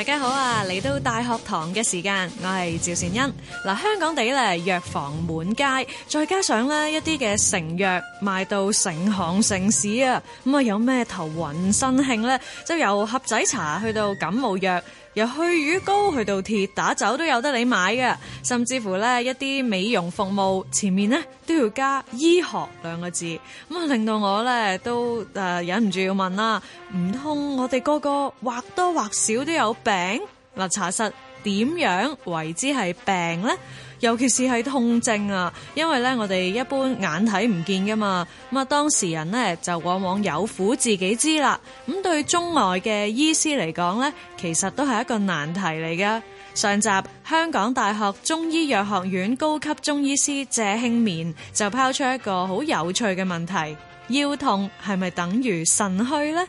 大家好啊！嚟到大學堂嘅時間，我係趙善恩嗱。香港地咧藥房滿街，再加上咧一啲嘅成藥賣到成行成市啊！咁啊，有咩頭暈身慶呢？就由盒仔茶去到感冒藥。由去魚膏去到鐵打酒都有得你買嘅，甚至乎咧一啲美容服務前面咧都要加醫學兩個字，咁啊令到我咧都誒忍唔住要問啦，唔通我哋個個或多或少都有病？查實點樣為之係病咧？尤其是係痛症啊，因為咧，我哋一般眼睇唔見噶嘛，咁啊，當事人呢，就往往有苦自己知啦。咁對中外嘅醫師嚟講呢，其實都係一個難題嚟噶。上集香港大學中醫藥學院高級中醫師謝慶綿就拋出一個好有趣嘅問題：腰痛係咪等於腎虛呢？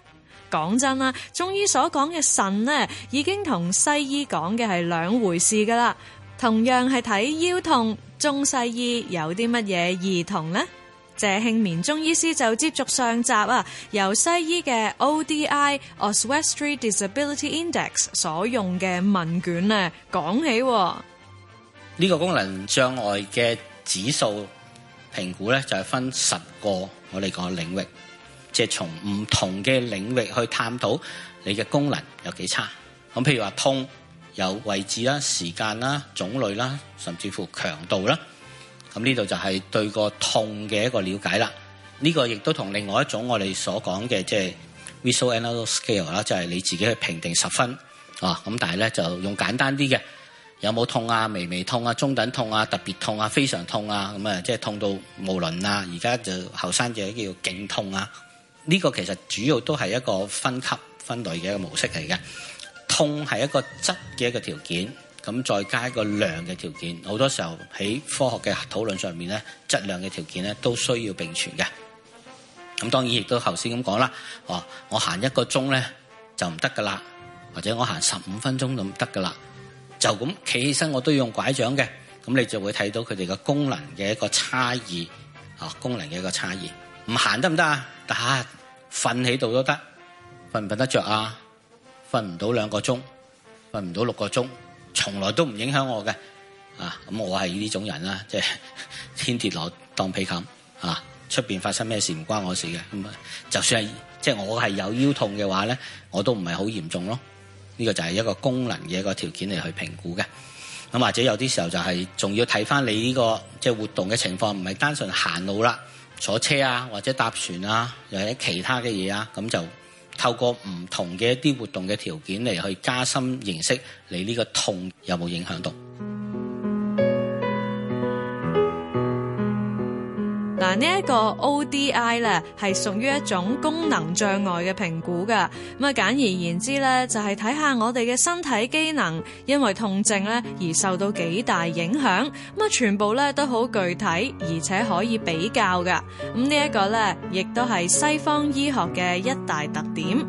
講真啊，中醫所講嘅腎呢，已經同西醫講嘅係兩回事噶啦。同樣係睇腰痛，中西醫有啲乜嘢異同咧？謝慶綿中醫師就接續上集啊，由西醫嘅 ODI Oswestry Disability Index 所用嘅問卷咧講起。呢個功能障礙嘅指數評估咧就係分十個我哋個領域，即係從唔同嘅領域去探討你嘅功能有幾差。咁譬如話痛。有位置啦、時間啦、種類啦，甚至乎強度啦。咁呢度就係對個痛嘅一個了解啦。呢、這個亦都同另外一種我哋所講嘅即係 visual analogue scale 啦，就係、是、你自己去評定十分啊。咁但係咧就用簡單啲嘅，有冇痛啊、微微痛啊、中等痛啊、特別痛啊、非常痛啊。咁啊，即、就、係、是、痛到無論啊。而家就後生仔叫勁痛啊。呢、這個其實主要都係一個分級分類嘅一個模式嚟嘅。空係一個質嘅一個條件，咁再加一個量嘅條件，好多時候喺科學嘅討論上面咧，質量嘅條件咧都需要並存嘅。咁當然亦都頭先咁講啦，哦，我行一個鐘咧就唔得噶啦，或者我行十五分鐘咁得噶啦，就咁企起身我都要用拐杖嘅，咁你就會睇到佢哋嘅功能嘅一個差異，啊，功能嘅一個差異。唔行得唔得啊？大係瞓喺度都得，瞓唔瞓得着啊？瞓唔到兩個鐘，瞓唔到六個鐘，從來都唔影響我嘅，啊咁我係呢種人啦，即係天跌落當被冚，啊出邊發生咩事唔關我事嘅，咁啊就算係即係我係有腰痛嘅話咧，我都唔係好嚴重咯，呢個就係一個功能嘅一個條件嚟去評估嘅，咁或者有啲時候就係仲要睇翻你呢個即係活動嘅情況，唔係單純行路啦、坐車啊或者搭船啊，又或者其他嘅嘢啊，咁就。透過唔同嘅一啲活動嘅條件嚟去加深認識，你呢個痛有冇影響到？嗱，呢一個 ODI 咧，係屬於一種功能障礙嘅評估㗎。咁啊，簡而言之咧，就係睇下我哋嘅身體機能因為痛症咧而受到幾大影響。咁啊，全部咧都好具體，而且可以比較㗎。咁呢一個咧，亦都係西方醫學嘅一大特點。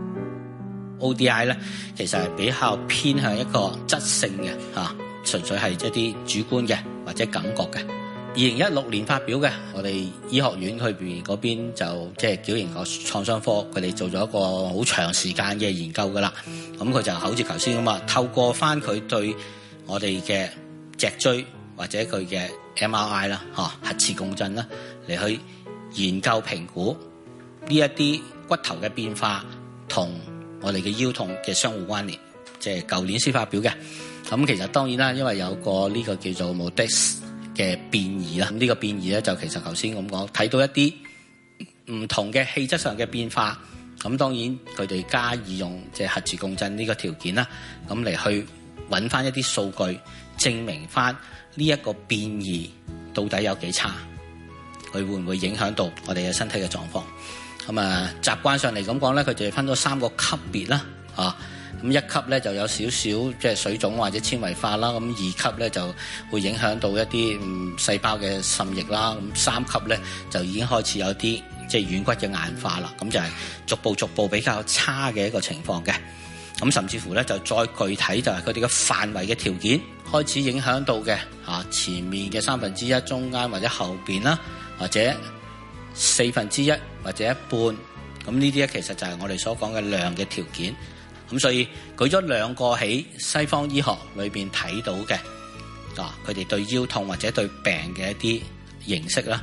ODI 咧，其實係比較偏向一個質性嘅嚇，純粹係一啲主觀嘅或者感覺嘅。二零一六年發表嘅，我哋醫學院去邊嗰就即係、就係、矯形學創傷科，佢哋做咗一個好長時間嘅研究噶啦。咁佢就好似頭先咁啊，透過翻佢對我哋嘅脊椎或者佢嘅 MRI 啦、啊，嚇核磁共振啦，嚟去研究評估呢一啲骨頭嘅變化同我哋嘅腰痛嘅相互關聯。即係舊年先發表嘅。咁其實當然啦，因為有個呢個叫做 Modic。嘅變異啦，咁、這、呢個變異咧就其實頭先咁講，睇到一啲唔同嘅氣質上嘅變化，咁當然佢哋加以用即係核磁共振呢個條件啦，咁嚟去揾翻一啲數據證明翻呢一個變異到底有幾差，佢會唔會影響到我哋嘅身體嘅狀況？咁啊習慣上嚟咁講咧，佢哋分咗三個級別啦，啊。咁一級咧就有少少即係水腫或者纖維化啦。咁二級咧就會影響到一啲、嗯、細胞嘅滲液啦。咁三級咧就已經開始有啲即係軟骨嘅硬化啦。咁就係逐步逐步比較差嘅一個情況嘅。咁甚至乎咧就再具體就係佢哋嘅範圍嘅條件開始影響到嘅嚇、啊、前面嘅三分之一、中間或者後邊啦，或者四分之一或者一半。咁呢啲咧其實就係我哋所講嘅量嘅條件。咁所以舉咗兩個喺西方醫學裏邊睇到嘅，啊，佢哋對腰痛或者對病嘅一啲認識啦。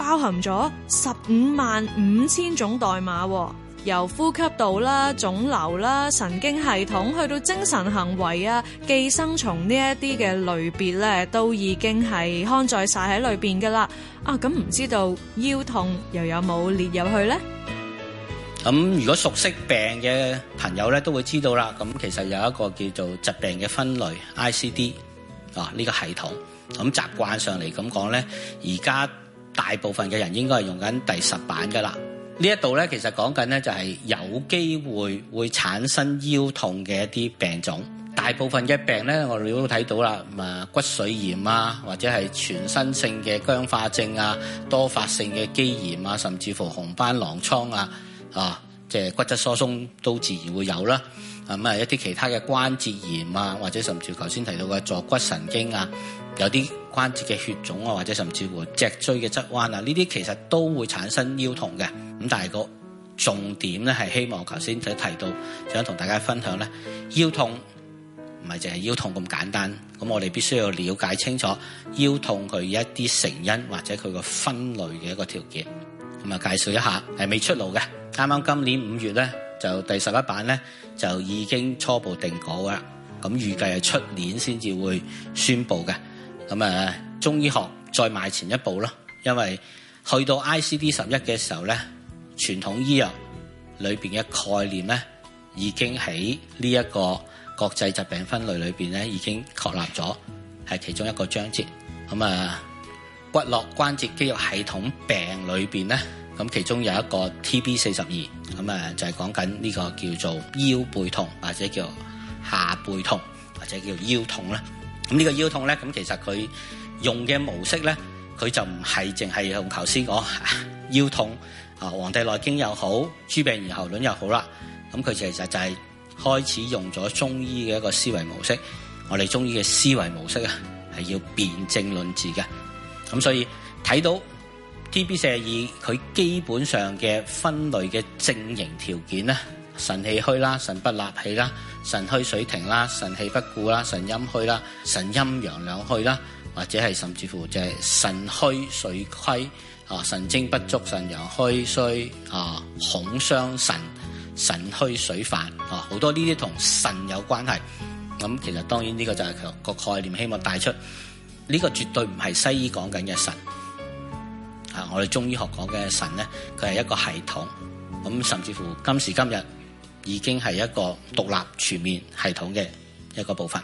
包含咗十五萬五千種代碼，由呼吸道啦、腫瘤啦、神經系統去到精神行為啊、寄生蟲呢一啲嘅類別咧，都已經係涵蓋晒喺裏邊噶啦。啊，咁唔知道腰痛又有冇列入去咧？咁如果熟悉病嘅朋友咧，都會知道啦。咁其實有一個叫做疾病嘅分類 I C D 啊呢個系統，咁習慣上嚟咁講咧，而家。大部分嘅人應該係用緊第十版噶啦，呢一度呢，其實講緊呢，就係有機會會產生腰痛嘅一啲病種。大部分嘅病呢，我哋都睇到啦，骨髓炎啊，或者係全身性嘅僵化症啊，多發性嘅肌炎啊，甚至乎紅斑狼瘡啊，啊，即係骨質疏鬆都自然會有啦。咁啊，一啲其他嘅關節炎啊，或者甚至頭先提到嘅坐骨神經啊。有啲關節嘅血腫啊，或者甚至乎脊椎嘅側彎啊，呢啲其實都會產生腰痛嘅。咁但係個重點咧，係希望頭先就提到，想同大家分享咧，腰痛唔係淨係腰痛咁簡單。咁我哋必須要了解清楚腰痛佢一啲成因或者佢個分類嘅一個條件。咁啊，介紹一下係未出爐嘅。啱啱今年五月咧就第十一版咧就已經初步定稿啦。咁預計係出年先至會宣佈嘅。咁啊，中醫學再邁前一步咯，因為去到 ICD 十一嘅時候咧，傳統醫藥裏邊嘅概念咧，已經喺呢一個國際疾病分類裏邊咧，已經確立咗係其中一個章節。咁啊，骨骼關節肌肉系統病裏邊咧，咁其中有一個 TB 四十二，咁啊就係講緊呢個叫做腰背痛，或者叫下背痛，或者叫腰痛啦。咁、這、呢個腰痛咧，咁其實佢用嘅模式咧，佢就唔係淨係用頭先講腰痛啊，《黃帝內經》又好，《諸病源候論》又好啦。咁佢其實就係開始用咗中醫嘅一個思維模式，我哋中醫嘅思維模式啊，係要辨證論治嘅。咁所以睇到 T B 四二佢基本上嘅分類嘅症型條件咧。腎氣虛啦，腎不納氣啦，腎虛水停啦，腎氣不固啦，腎陰虛啦，腎陰陽兩虛啦，或者係甚至乎就係腎虛水虧啊，腎精不足，腎陽虛衰啊，恐傷腎，腎虛水泛啊，好多呢啲同腎有關係。咁其實當然呢個就係個概念，希望帶出呢個絕對唔係西醫講緊嘅腎。啊，我哋中醫學講嘅腎呢，佢係一個系統，咁甚至乎今時今日。已經係一個獨立全面系統嘅一個部分。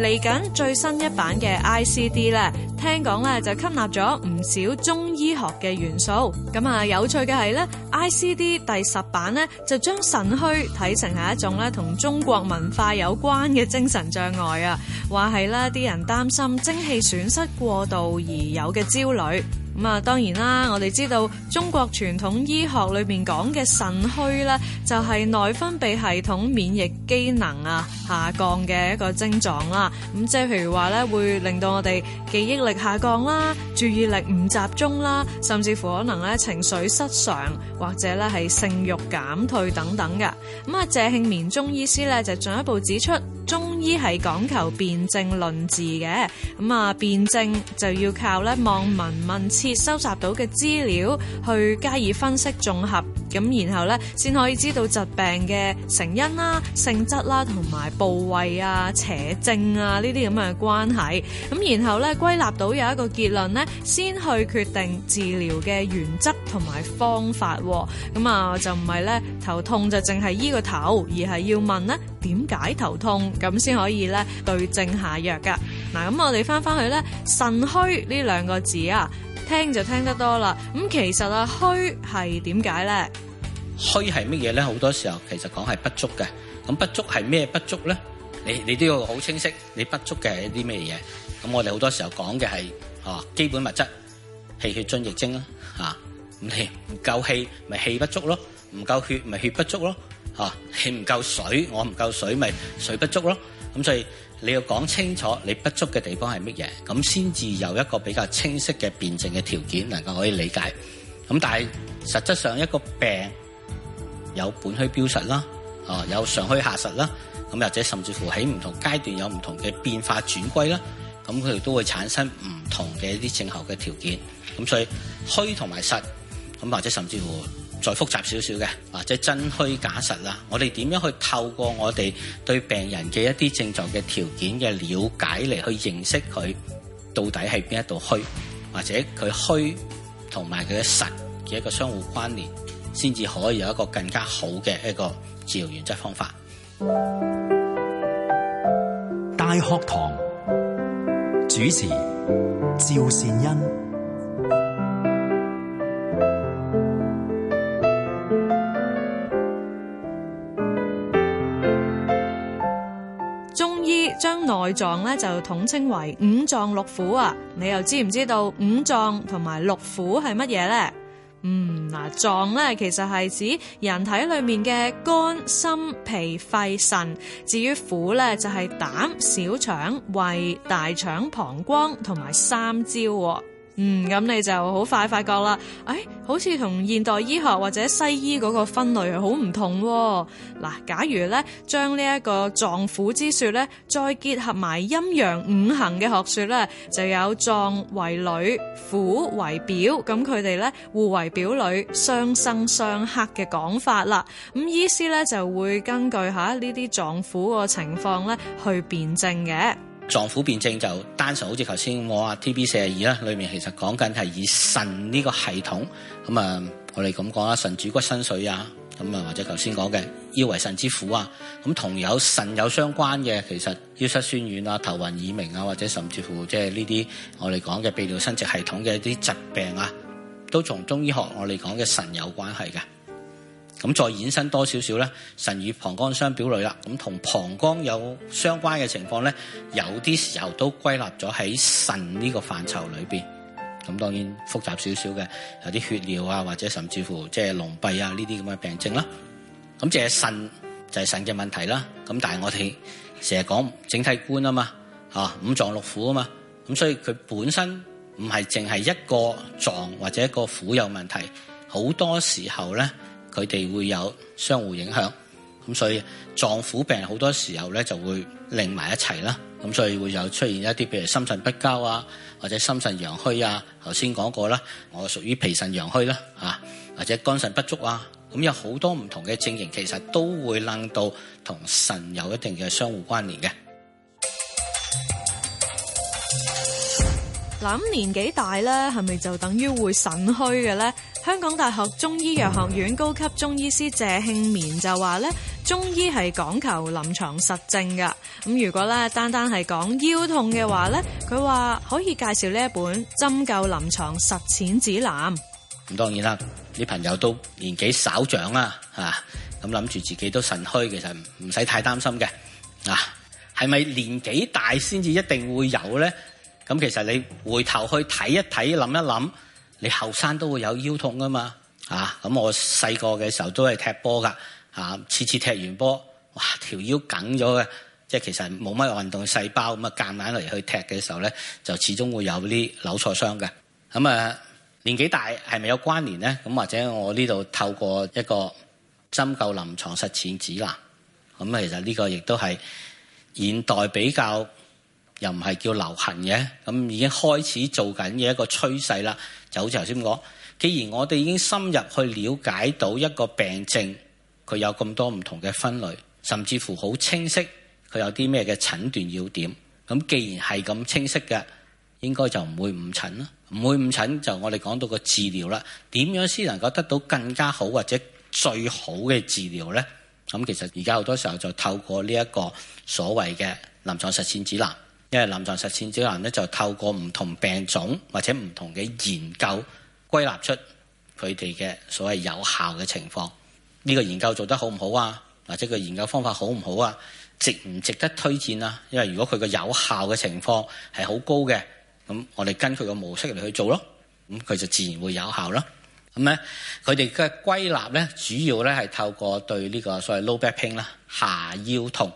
嚟緊最新一版嘅 ICD 咧，聽講咧就吸納咗唔少中醫學嘅元素。咁啊，有趣嘅係咧，ICD 第十版呢，就將腎虛睇成係一種咧同中國文化有關嘅精神障礙啊。話係啦，啲人擔心精氣損失過度而有嘅焦慮。咁啊，當然啦，我哋知道中國傳統醫學裏面講嘅腎虛咧，就係內分泌系統免疫機能啊下降嘅一個症狀啦。咁即係譬如話咧，會令到我哋記憶力下降啦，注意力唔集中啦，甚至乎可能咧情緒失常，或者咧係性慾減退等等嘅。咁啊，謝慶綿中醫師咧就進一步指出，中醫係講求辨證論治嘅。咁啊，辨證就要靠咧望、聞、問、切。收集到嘅資料，去加以分析綜合咁，然後咧先可以知道疾病嘅成因啦、性質啦，同埋部位啊、邪症啊呢啲咁嘅關係。咁然後咧歸納到有一個結論咧，先去決定治療嘅原則同埋方法。咁啊，就唔係咧頭痛就淨係醫個頭，而係要問咧點解頭痛，咁先可以咧對症下藥噶嗱。咁我哋翻翻去咧腎虛呢兩個字啊。聽就聽得多啦，咁其實啊虛係點解咧？虛係乜嘢咧？好多時候其實講係不足嘅，咁不足係咩不足咧？你你都要好清晰，你不足嘅係一啲咩嘢？咁我哋好多時候講嘅係啊基本物質，氣血津液精咯，吓唔係唔夠氣咪氣不足咯，唔夠血咪血不足咯，吓氣唔夠水我唔夠水咪水不足咯，咁所以。你要講清楚你不足嘅地方係乜嘢，咁先至有一個比較清晰嘅辨證嘅條件，能夠可以理解。咁但係實質上一個病有本虛標實啦，啊有上虛下實啦，咁或者甚至乎喺唔同階段有唔同嘅變化轉歸啦，咁佢哋都會產生唔同嘅一啲症候嘅條件。咁所以虛同埋實，咁或者甚至乎。再複雜少少嘅，或者真虛假實啦。我哋點樣去透過我哋對病人嘅一啲症狀嘅條件嘅了解嚟去認識佢到底係邊一度虛，或者佢虛同埋佢嘅實嘅一個相互關聯，先至可以有一個更加好嘅一個治療原則方法。大學堂主持趙善恩。內臟咧，就統稱為五臟六腑啊，你又知唔知道五臟同埋六腑係乜嘢呢？嗯，嗱，臟咧其實係指人體裏面嘅肝、心、脾、肺、腎，至於腑咧就係膽、小腸、胃、大腸、膀胱同埋三焦。嗯，咁你就好快發覺啦，誒、哎，好似同現代醫學或者西醫嗰個分類係好唔同喎。嗱，假如咧將呢一個臟腑之説咧，再結合埋陰陽五行嘅學説咧，就有臟為裏，腑為表，咁佢哋咧互為表裏，相生相克嘅講法啦。咁醫師咧就會根據下呢啲臟腑個情況咧去辨證嘅。臟腑辨證就單純好似頭先我啊 TB 四十二啦，TB42, 裏面其實講緊係以腎呢個系統，咁啊我哋咁講啦，腎主骨身水啊，咁啊或者頭先講嘅腰為腎之府啊，咁同有腎有相關嘅，其實腰膝酸軟啊、頭暈耳鳴啊，或者甚至乎即係呢啲我哋講嘅泌尿生殖系統嘅一啲疾病啊，都同中醫學我哋講嘅腎有關係嘅。咁再衍生多少少咧，腎與膀胱相表裏啦。咁同膀胱有相關嘅情況咧，有啲時候都歸納咗喺腎呢個範疇裏邊。咁當然複雜少少嘅，有啲血尿啊，或者甚至乎即係癃閉啊呢啲咁嘅病症啦。咁即係腎，就係、是、腎嘅問題啦。咁但係我哋成日講整體觀啊嘛，五臟六腑啊嘛。咁所以佢本身唔係淨係一個臟或者一個腑有問題，好多時候咧。佢哋會有相互影響，咁所以臟腑病好多時候咧就會連埋一齊啦。咁所以會有出現一啲，譬如心腎不交啊，或者心腎陽虛啊。頭先講過啦，我屬於脾腎陽虛啦，嚇，或者肝腎不足啊。咁有好多唔同嘅症型，其實都會 link 到同腎有一定嘅相互關聯嘅。嗱，咁年紀大咧，係咪就等於會腎虛嘅咧？香港大學中醫藥學院高級中醫師謝慶綿就話咧，中醫係講求臨床實證噶，咁如果咧單單係講腰痛嘅話咧，佢話可以介紹呢一本《針灸臨床實踐指南》。咁當然啦，啲朋友都年紀稍長啦，吓咁諗住自己都腎虛，其實唔使太擔心嘅。啊，係咪年紀大先至一定會有咧？咁其實你回頭去睇一睇，諗一諗。你後生都會有腰痛㗎嘛？啊，咁我細個嘅時候都係踢波㗎，啊，次次踢完波，哇，條腰緊咗嘅，即係其實冇乜運動細胞咁啊，夾硬嚟去踢嘅時候咧，就始終會有啲扭挫傷嘅。咁啊，年紀大係咪有關聯咧？咁或者我呢度透過一個針灸臨床實踐指南，咁啊，其實呢個亦都係現代比較。又唔係叫流行嘅，咁已經開始做緊嘅一個趨勢啦。就好似頭先講，既然我哋已經深入去了解到一個病症，佢有咁多唔同嘅分類，甚至乎好清晰，佢有啲咩嘅診斷要點。咁既然係咁清晰嘅，應該就唔會誤診啦。唔會誤診就我哋講到個治療啦。點樣先能夠得到更加好或者最好嘅治療呢？咁其實而家好多時候就透過呢一個所謂嘅臨床實踐指南。因為臨牀實踐者南咧，就透過唔同病種或者唔同嘅研究，歸納出佢哋嘅所謂有效嘅情況。呢、這個研究做得好唔好啊？或者個研究方法好唔好啊？值唔值得推薦啊？因為如果佢個有效嘅情況係好高嘅，咁我哋根佢個模式嚟去做咯，咁佢就自然會有效啦。咁咧，佢哋嘅歸納咧，主要咧係透過對呢個所謂 low back p i n 啦，下腰痛，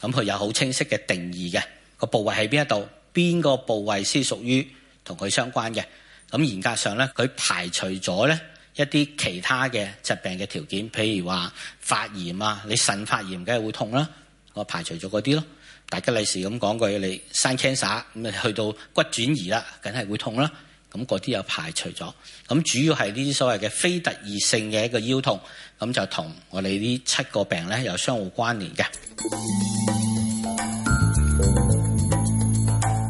咁佢有好清晰嘅定義嘅。個部位喺邊一度？邊個部位先屬於同佢相關嘅？咁嚴格上咧，佢排除咗咧一啲其他嘅疾病嘅條件，譬如話發炎啊，你腎發炎梗係會痛啦。我排除咗嗰啲咯。大吉利是咁講句，你生 cancer 咁咪去到骨轉移啦，梗係會痛啦。咁嗰啲又排除咗。咁主要係呢啲所謂嘅非特異性嘅一個腰痛，咁就同我哋呢七個病咧有相互關聯嘅。嗯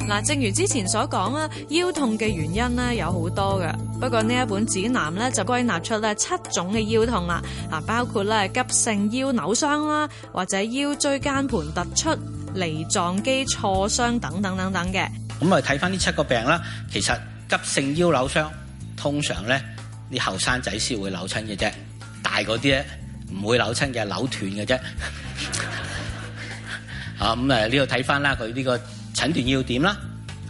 嗱，正如之前所講啦，腰痛嘅原因咧有好多嘅。不過呢一本指南咧就歸納出咧七種嘅腰痛啦，啊包括咧急性腰扭傷啦，或者腰椎間盤突出、梨狀肌挫傷等等等等嘅。咁嚟睇翻呢七個病啦，其實急性腰扭傷通常咧啲後生仔先會扭親嘅啫，大嗰啲咧唔會扭親嘅，扭斷嘅啫。啊 咁啊，呢度睇翻啦，佢呢、個。診斷要點啦，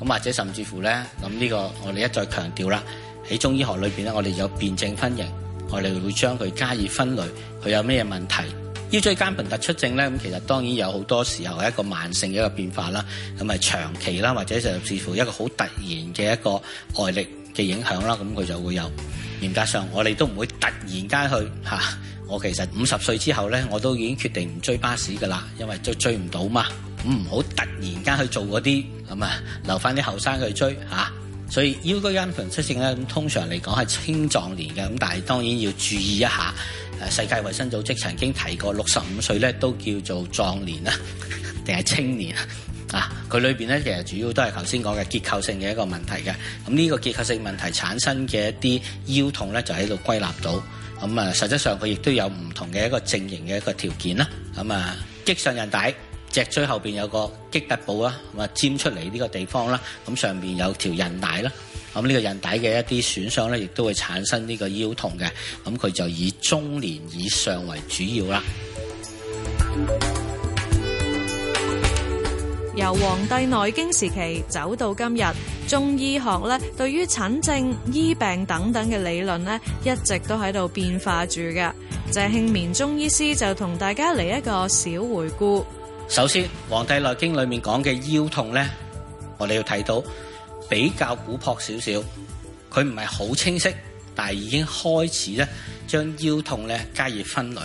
咁或者甚至乎呢，咁呢個我哋一再強調啦。喺中醫學裏邊呢，我哋有辨證分型，我哋會將佢加以分類，佢有咩問題？腰椎間盤突出症呢，咁其實當然有好多時候係一個慢性嘅一個變化啦，咁咪長期啦，或者甚至乎一個好突然嘅一個外力嘅影響啦，咁佢就會有。嚴格上，我哋都唔會突然間去嚇。我其實五十歲之後咧，我都已經決定唔追巴士㗎啦，因為都追唔到嘛。咁唔好突然間去做嗰啲咁啊，留翻啲後生去追吓。所以腰椎間盤出線咧，咁通常嚟講係青壯年嘅，咁但係當然要注意一下。世界衞生組織曾經提過，六十五歲咧都叫做壯年啦，定係青年啊？啊！佢裏邊咧，其實主要都係頭先講嘅結構性嘅一個問題嘅。咁呢個結構性問題產生嘅一啲腰痛咧，就喺度歸納到。咁啊，實質上佢亦都有唔同嘅一個症型嘅一個條件啦。咁啊，棘上韌帶、脊椎後邊有個棘突部啦，咁啊，尖出嚟呢個地方啦。咁上邊有條韌帶啦。咁呢個韌帶嘅一啲損傷咧，亦都會產生呢個腰痛嘅。咁佢就以中年以上為主要啦。由《皇帝內經》時期走到今日，中醫學咧對於診症、醫病等等嘅理論咧，一直都喺度變化住嘅。鄭慶綿中醫師就同大家嚟一個小回顧。首先，《皇帝內經》裏面講嘅腰痛咧，我哋要睇到比較古樸少少，佢唔係好清晰，但已經開始咧將腰痛咧加以分類。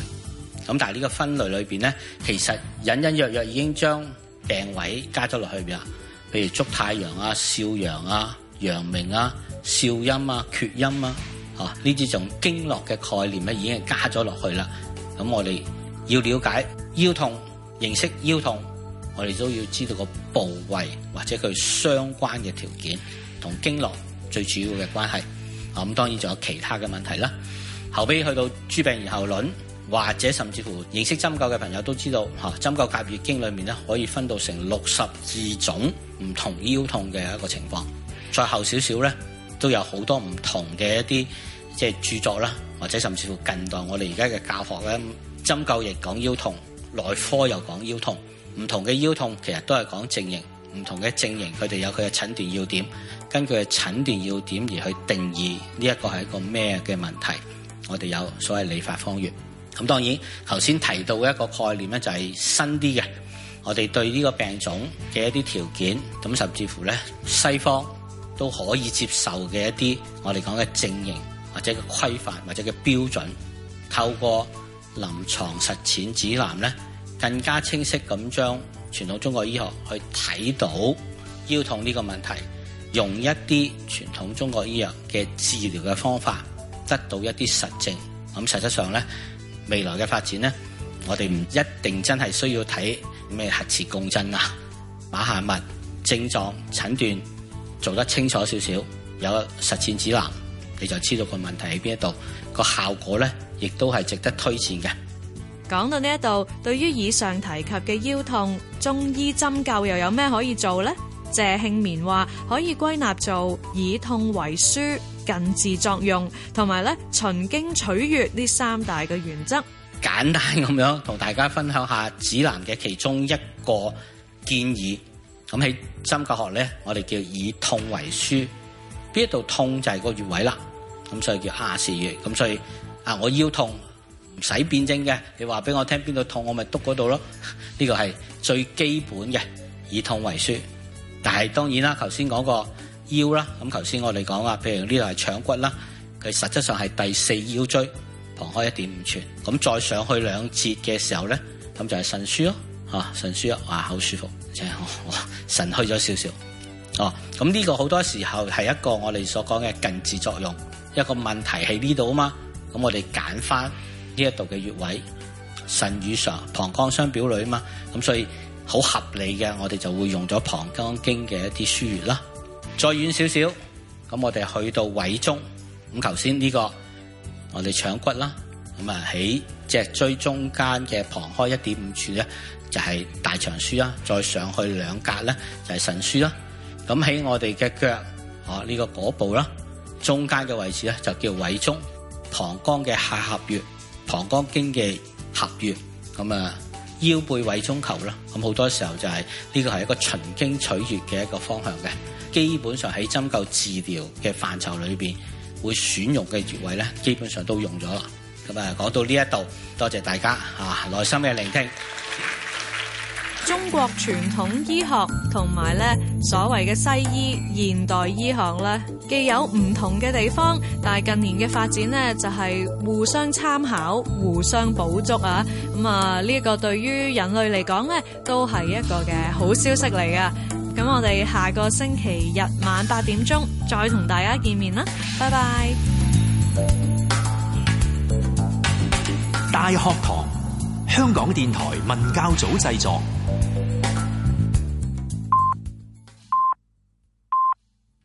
咁但係呢個分類裏面咧，其實隱隱約約已經將病位加咗落去邊啊？譬如足太陽啊、少陽啊、陽明啊、少陰啊、厥陰啊，吓呢啲仲經絡嘅概念咧，已經係加咗落去啦。咁我哋要了解腰痛，認識腰痛，我哋都要知道個部位或者佢相關嘅條件同經絡最主要嘅關係。啊，咁當然仲有其他嘅問題啦。後尾去到諸病源候論。或者甚至乎認識針灸嘅朋友都知道，嚇針灸甲乙經裏面咧可以分到成六十二種唔同腰痛嘅一個情況。再後少少咧，都有好多唔同嘅一啲即係著作啦，或者甚至乎近代我哋而家嘅教學咧，針灸亦講腰痛，內科又講腰痛，唔同嘅腰痛其實都係講症型，唔同嘅症型佢哋有佢嘅診斷要點，根據嘅診斷要點而去定義呢、這個、一個係一個咩嘅問題。我哋有所謂理法方藥。咁當然頭先提到一個概念咧、就是，就係新啲嘅，我哋對呢個病種嘅一啲條件，咁甚至乎咧西方都可以接受嘅一啲我哋講嘅證型或者嘅規範或者嘅標準，透過臨床實踐指南咧，更加清晰咁將傳統中國醫學去睇到腰痛呢個問題，用一啲傳統中國醫藥嘅治療嘅方法得到一啲實證，咁實質上咧。未來嘅發展咧，我哋唔一定真係需要睇咩核磁共振啊、把下脈症狀診斷做得清楚少少，有實踐指南你就知道個問題喺邊一度，個效果咧亦都係值得推薦嘅。講到呢一度，對於以上提及嘅腰痛，中醫針灸又有咩可以做咧？謝慶綿話可以歸納做以痛為舒。近治作用同埋咧循經取穴呢三大嘅原則，簡單咁樣同大家分享下指南嘅其中一個建議。咁喺針灸學咧，我哋叫以痛為腧，邊一度痛就係個穴位啦。咁所以叫阿是穴。咁所以啊，我腰痛唔使辨證嘅，你話俾我聽邊度痛，我咪篤嗰度咯。呢、這個係最基本嘅，以痛為腧。但係當然啦，頭先講過。腰啦，咁頭先我哋講啊，譬如呢度係腸骨啦，佢實質上係第四腰椎旁開一點五寸，咁再上去兩節嘅時候咧，咁就係腎腧咯，嚇腎腧啊，哇好舒服，即係我腎虛咗少少，哦，咁呢、啊呢個好多時候係一個我哋所講嘅近治作用，一個問題喺呢度啊嘛，咁我哋揀翻呢一度嘅穴位，腎與上膀胱相表裏啊嘛，咁所以好合理嘅，我哋就會用咗膀胱經嘅一啲腧穴啦。再遠少少，咁我哋去到委中，咁頭先呢個我哋腸骨啦，咁啊喺脊椎中間嘅旁開一點五寸咧，就係、是、大腸腧啦，再上去兩格咧就係、是、腎腧啦，咁喺我哋嘅腳，哦、這、呢個果部啦，中間嘅位置咧就叫委中，膀胱嘅下合穴，膀胱經嘅合穴，咁啊腰背委中求啦，咁好多時候就係、是、呢、這個係一個循經取穴嘅一個方向嘅。基本上喺針灸治療嘅範疇裏邊，會選用嘅穴位咧，基本上都用咗啦。咁啊，講到呢一度，多謝大家嚇，耐心嘅聆聽。中國傳統醫學同埋咧所謂嘅西醫現代醫學咧，既有唔同嘅地方，但係近年嘅發展咧就係互相參考、互相補足啊。咁啊，呢一個對於人類嚟講咧，都係一個嘅好消息嚟噶。咁我哋下個星期日晚八點鐘再同大家見面啦，拜拜！大學堂，香港電台文教組製作。